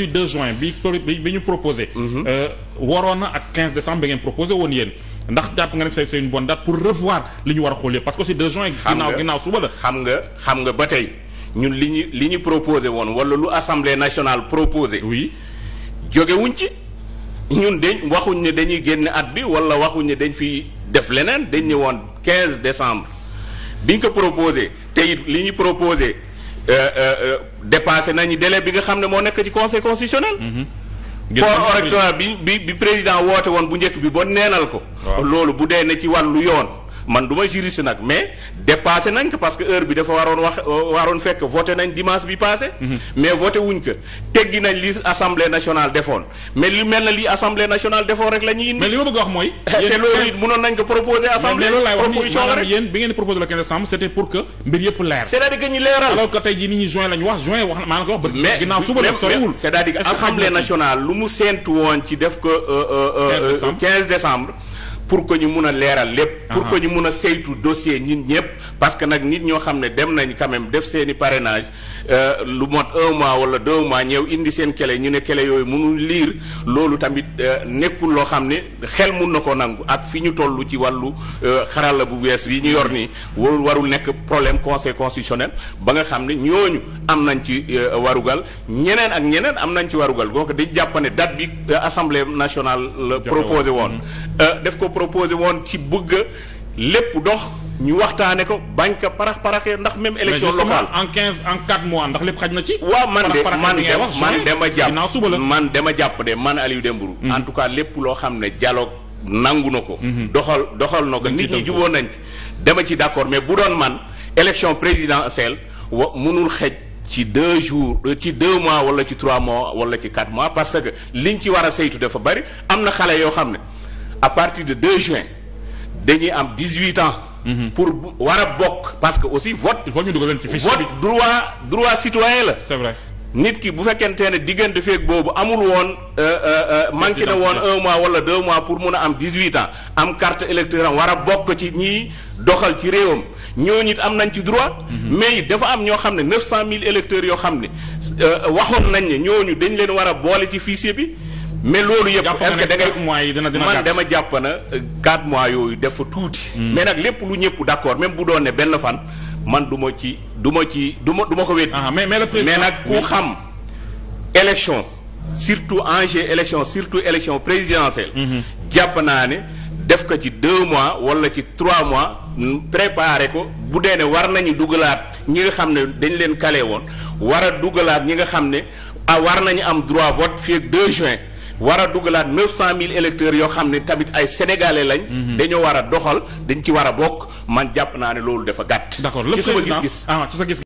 du 2 juin bi bi ñu proposé. Mhm. Euh, waroon na ak 15 décembre bi ngeen proposé woon yéen ndax jàpp nga ne c'est une bonne date pour revoir li ñu war a xoolee parce que si 2 juin. ginnaaw ginnaaw suba la xam nga xam nga ba tey ñun li ñu li ñu proposé woon wala lu assemblée nationale proposé. oui jóge ci. ñun dañ waxuñ ne dañuy génn at bi wala waxuñ ne dañ fi def leneen dañ ne woon 15 décembre biñ ko proposé te li ñu proposé. Euh, euh, euh, dépassé nañu délai bi nga xam ne moo nekk ci conseil constitutionnel. Mhm. corps électoral bi bi bi président woote woon bu njëkk bi ba neenal ko. loolu bu dee ne ci wàllu yoon. man du ma juriste nag mais dépassé nañ ko parce que heure bi dafa waroon wax waroon fekk voté nañ dimanche bi passé. Mhm. mais voté wuñ ko teggi nañ li assemblée nationale defoon mais li mel na li assemblée nationale defoon rek la ñuy indi. mais wax ñu leeral. alors que tey jii nit ñi juin lañ wax juin wax maanaam ko wax. mais ginnaaw suba la soriwul. c'est-à-dire assemblée nationale lu mu séentu woon ci def ko. 15 euh, euh, euh, décembre décembre. pour que ñu mun a leeral lépp. pour que ñu mun a saytu dossier ñun ñëpp. parce que nag nit ñoo xam ne dem nañ quand même def seeni i parrainage euh, lu mot un mois wala deux mois ñëw indi seen kele ñu ne kele yooyu mënuñ liir loolu tamit euh, nekkul loo xam ne xel mun na ko nangu ak fi ñu toll ci wàllu euh, xarala bu bees yi ñu yor nii warul nekk problème conseil constitutionnel ba nga xam ne ñooñu am nañ ci warugal ñeneen ak ñeneen am nañ ci warugal donc dañ jàpp ne date bi assemblée nationale woon proposé woon ci bëgg lépp dox ñu waxtaane ko bañ ko parax paraxee ndax même élection locale en quinze en quatre mois ndax lépp xaj na ci waaw man de man de man dama jàpp man dama jàpp de man Aliou mhm. en tout cas lépp loo xam ne dialogue nangu na ko mhm. doxal doxal na ko nit ñi juboo nañ ci dama ci d'accord mais bu doon man élection présidentielle wa mënul xej ci deux jours euh, ci deux mois wala ci trois mois wala ci quatre mois parce que li ñu ci war a saytu dafa bari am na xale yoo xam ne à partir de 2 juin dañuy am 18 ans. Mhm. pour bu war a bokk. parce que aussi vote. il faut ñu dugal leen ci fiche bi vote droit droit citoyen la. nit ki bu fekkente ne diggante feeg boobu amul woon euh, euh, euh, manqué na woon un mois wala deux mois pour mun a am dix huit ans am carte électeur am war a bokk ci ñiy doxal ci réewam ñoo ñit am nañ ci droit mhm. mais dafa am ñoo xam ne neuf cent mille électeurs yoo xam ne waxoon nañ ne ñooñu dañ leen war a boole ci fichier bi mais loolu yëpp est-ce que da ngay man dama jàpp na euh, quatre mois yooyu dafa tuuti. Hmm. mais nag lépp lu ñëpp d'accord même bu doon ne benn fan man du ma ci du ma ci du ma du ma ko wéet. Ah, mais mais nag ku xam élection surtout enjeu élection surtout élection présidentielle. Hmm. jàpp naa ne def ko ci deux mois wala ci trois mois préparer ko bu dee ne war nañu dugalaat ñi nga xam ne dañ leen kale woon war a dugalaat ñi nga xam ne a ah, war nañu am droit vote fii ak 2 juin. war a dugalaat neuf cent mille électeurs yoo xam ne tamit ay sénégalais lañ. Mhm. dañoo war a doxal dañ ci war a bokk man jàpp naa ne loolu dafa gàtt. d'accord ci sama gis-gis ah,